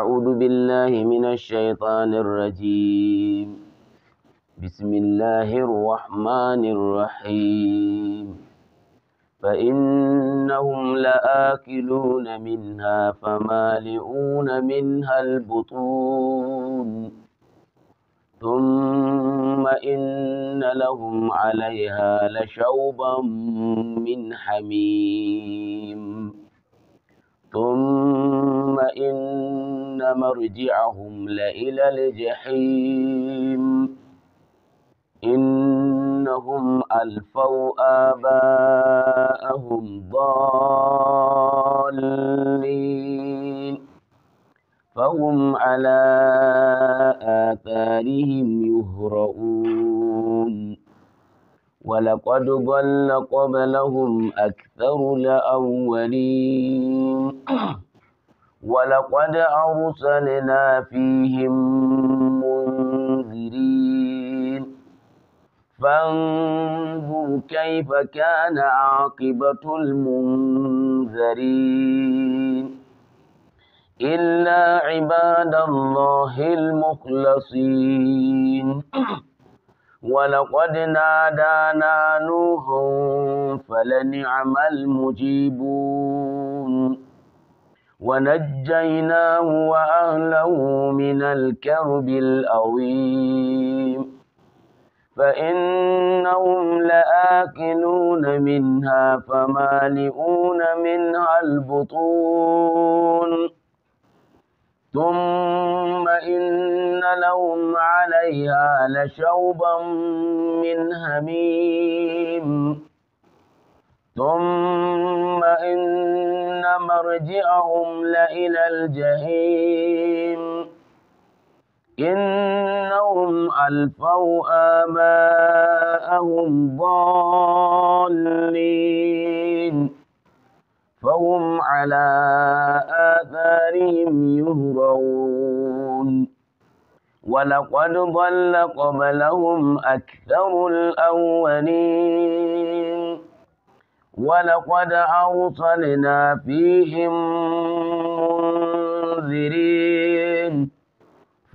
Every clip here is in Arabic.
أعوذ بالله من الشيطان الرجيم بسم الله الرحمن الرحيم فإنهم لآكلون منها فمالئون منها البطون ثم إن لهم عليها لشوبا من حميم ثم إن أن مرجعهم لإلى الجحيم إنهم ألفوا آباءهم ضالين فهم على آثارهم يهرؤون ولقد ضل قبلهم أكثر الأولين ولقد أرسلنا فيهم منذرين فانظر كيف كان عاقبة المنذرين إلا عباد الله المخلصين ولقد نادانا نوح فلنعم المجيبون ونجيناه وأهله من الكرب الأويم فإنهم لآكلون منها فمالئون منها البطون ثم إن لهم عليها لشوبا من هميم ثم إن مرجعهم لإلى الجحيم إنهم ألفوا آباءهم ضالين فهم على آثارهم يهرعون ولقد ضل قبلهم أكثر الأولين ولقد أرسلنا فيهم منذرين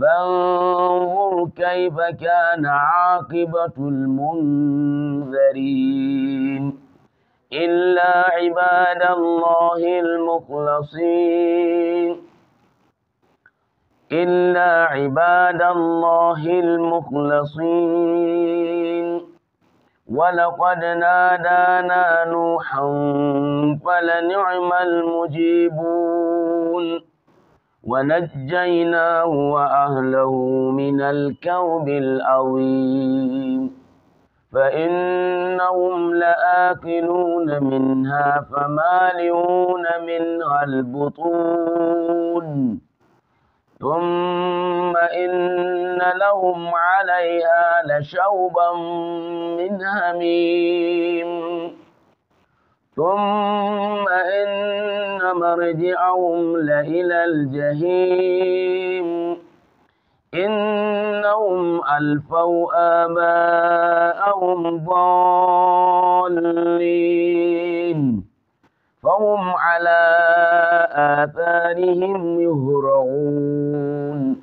فانظر كيف كان عاقبة المنذرين إلا عباد الله المخلصين إلا عباد الله المخلصين ولقد نادانا نوحا فلنعم المجيبون ونجيناه وأهله من الكرب العظيم فإنهم لآكلون منها فمالئون منها البطون ثم إن لهم عليها لشوبا من هميم ثم إن مرجعهم لإلى الجحيم إنهم ألفوا آباءهم ضالين فهم على آثارهم يهرعون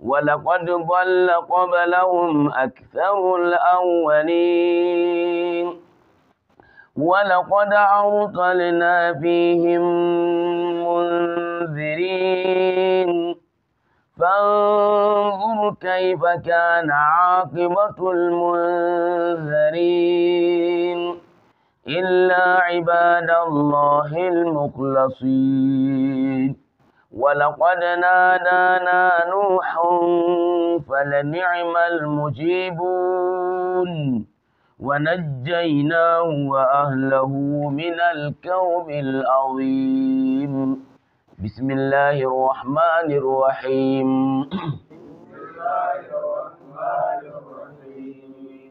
ولقد ضل قبلهم أكثر الأولين ولقد أرسلنا فيهم منذرين فانظر كيف كان عاقبة المنذرين إلا عباد الله المخلصين ولقد نادانا نوح فلنعم المجيبون ونجيناه وأهله من الكوم العظيم بسم الله الرحمن الرحيم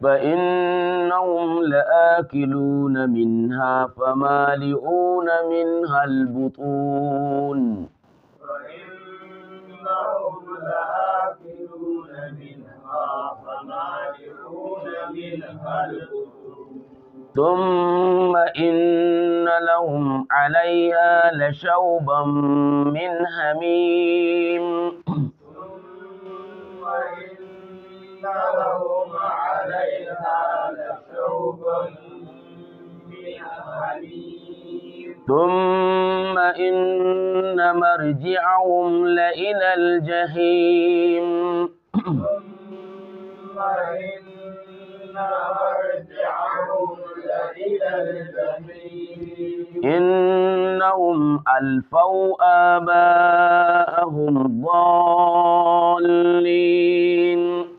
فإنهم لآكلون منها فمالئون منها البطون فإنهم لآكلون منها فمالئون منها البطون ثم إن لهم عليها لشوبا من حميم ثم إن مرجعهم لإلى الجحيم ثم إن مرجعهم لإلى الجحيم إنهم ألفوا آباءهم ضالين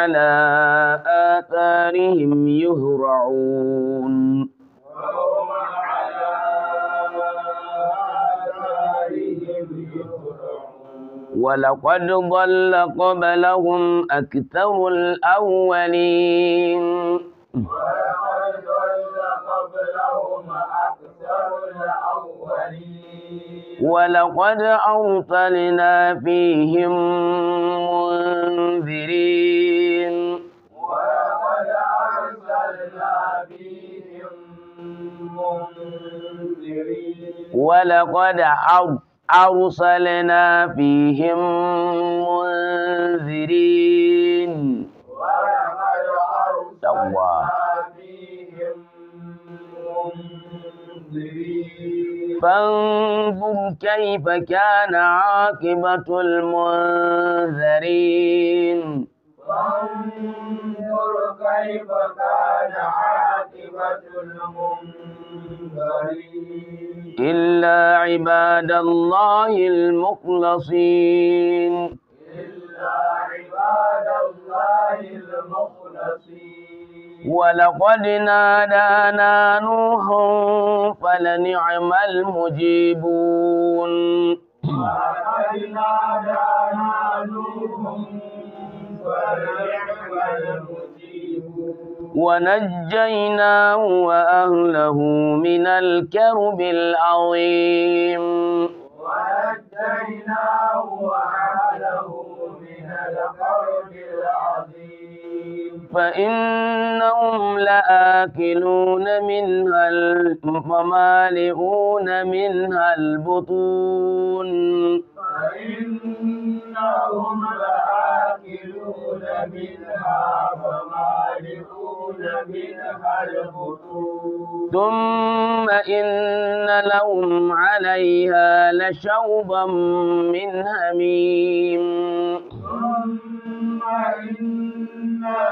على آثارهم يهرعون ولقد ضل قبلهم أكثر الأولين ولقد ضل قبلهم أكثر الأولين ولقد أرسلنا فيهم منذرين ولقد أرسلنا فيهم منذرين فانظر كيف كان عاقبة المنذرين فانظر كيف كان عاقبة المنكرين إلا عباد الله المخلصين إلا عباد الله المخلصين ولقد نادانا نوح فلنعم المجيبون ولقد نادانا نوح ونجيناه وأهله من الكرب العظيم ونجيناه وأهله من الكرب العظيم فإنهم لآكلون منها ومالئون منها البطون فإنهم منها منها البطون ثم إن لهم عليها لشوبا من هميم ثم إن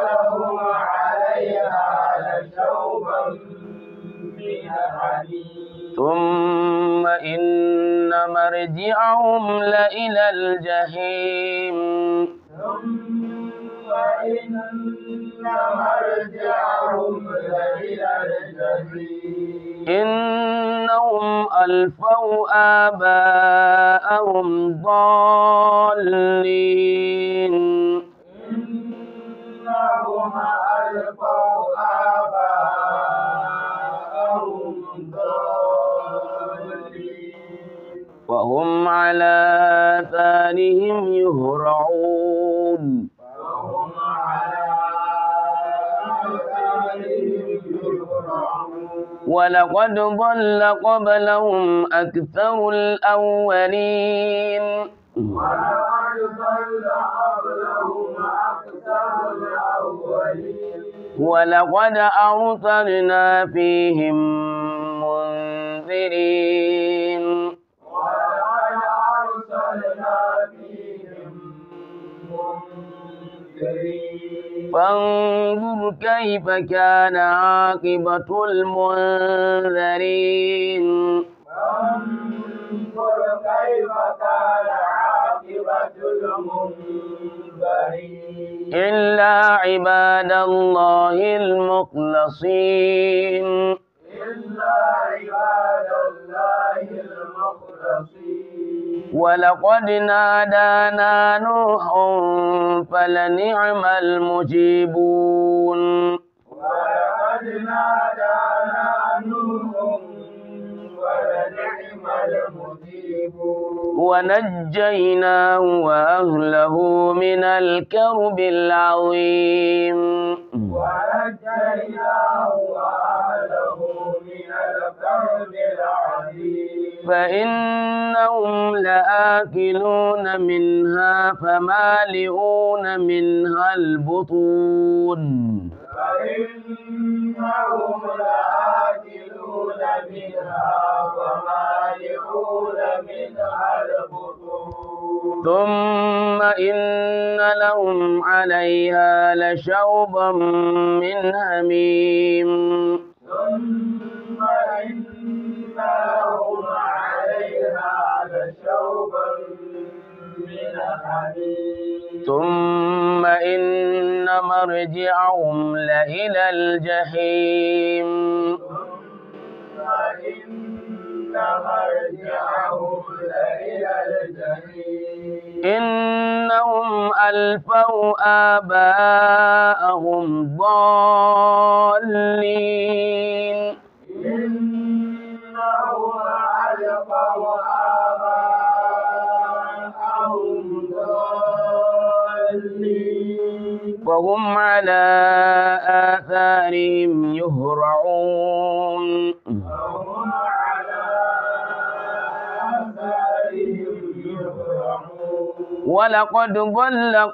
لهم عليها لشوبا حميم ثم إن مرجعهم لإلى الجحيم ثم إن مرجعهم لإلى الجحيم إنهم ألفوا آباءهم ضالين إنهم ألفوا آباءهم ضالين وهم على ثانهم يهرعون ولقد ضل قبلهم أكثر الأولين ولقد ضل قبلهم أكثر الأولين ولقد أرسلنا فيهم منذرين فانظر كيف كان عاقبة المنذرين فانظر كيف كان عاقبة المنذرين إلا عباد الله المخلصين إلا عباد الله ولقد نادانا نوح فلنعم المجيبون ولقد نادانا نوح ونجيناه وأهله من الكرب العظيم ونجيناه وأهله من الكرب العظيم فإن إنهم لآكلون منها فمالئون منها البطون فإنهم لآكلون منها فمالئون منها البطون ثم إن لهم عليها لشوبا من هميم ثم شوبة من حميم ثم إن مرجعهم لإلى الجحيم ثم إن مرجعهم لإلى الجحيم إنهم ألفوا آباءهم ضالين إنهم ألفوا وهم على آثارهم يهرعون وهم على آثارهم يهرعون ولقد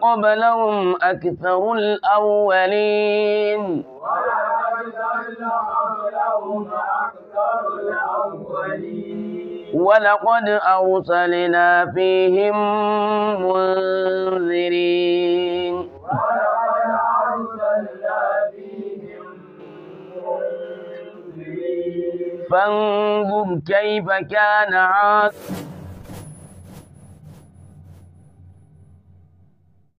قبلهم أكثر الأولين ولقد ضل قبلهم أكثر الأولين ولقد أرسلنا فيهم منذرين فانظر كيف كان عاقبة